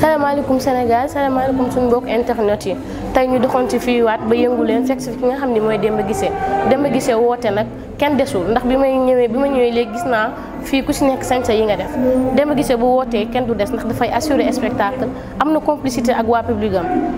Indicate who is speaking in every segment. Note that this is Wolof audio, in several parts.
Speaker 1: salaamaaleykum Sénégal salaamaaleykum suñu mbokk internet yi tey ñu ci fii waat ba yëngu leen fekk ki nga xam ne mooy Demba gise Demba Guissé woote nag kenn desul ndax bi may ñëwee bi ma ñëwee léegi gis naa fii ku si nekk sañse yi nga def Demba Guissé bu wootee kenn du des ndax dafay assurer spectacle am na complicité ak waa public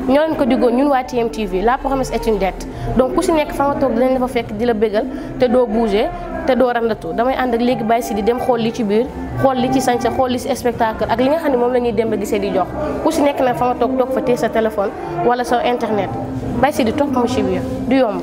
Speaker 1: ñoo leen ko diggoon ñun waa TMTV la promesse est une dette donc ku si nekk fa nga toog dinañ la fa fekk di la bégal te doo bouger te doo randatu damay ànd ak léegi bàyyi si di dem xool li ci biir xool li ci sañse xool li ci spectacle ak li nga xam ne moom la ñuy dem ba gisee di jox ku si nekk nag fa nga toog toog fa téye sa téléphone wala sa internet baysi si di topp mu ci biir du yomb.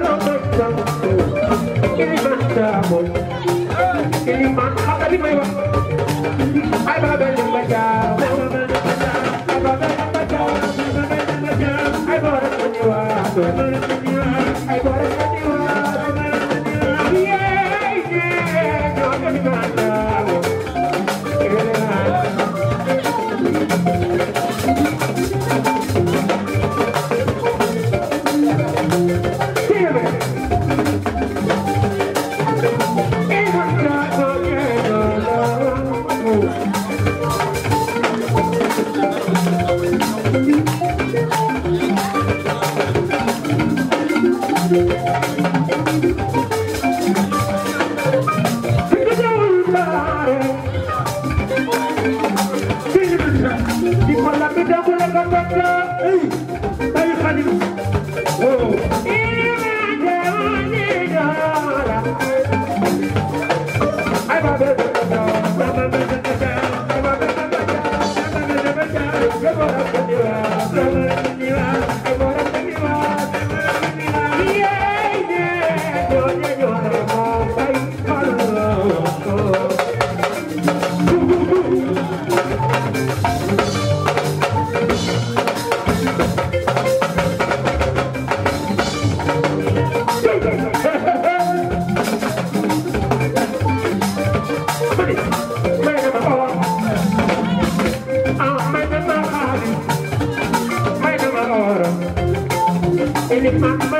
Speaker 2: jaamoy iliman xam nga li may wax ay ba ba dem ba jaamoy Thank you.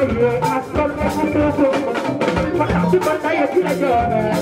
Speaker 2: ye asal na kutu, patah tu bandai ya kira jalan.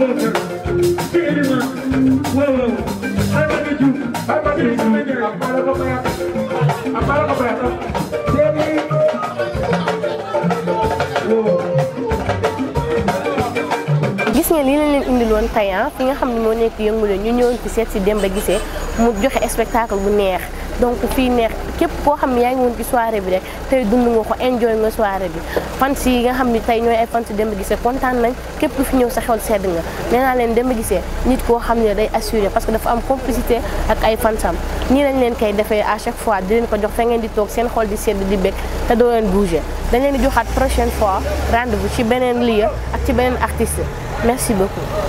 Speaker 2: gis ngeen ni
Speaker 1: leen leen indiloon tey ah, fi nga xam ne moo nekk yëngu leen ñu ñëwoon ci seet si Demba gise mu joxe spectacle bu neex donc fii neex képp koo xam ne yaa ngi woon ci soirée bi rek tey dund nga ko enjoy nga soirée bi fans yi nga xam ne tey ñooy ay fans Demba Guissé kontaan nañ képp ku fi ñëw sa xel sedd nga nee leen Demba Guissé nit koo xam ne day assuré parce que dafa am complicité ak ay fansam nii lañ leen koy defee à chaque fois di leen ko jox fa ngeen di toog seen xool di sedd di bég te doo leen bouger dañ leen di joxaat prochaine fois rendez-vous ci beneen lieu ak ci beneen artiste merci beaucoup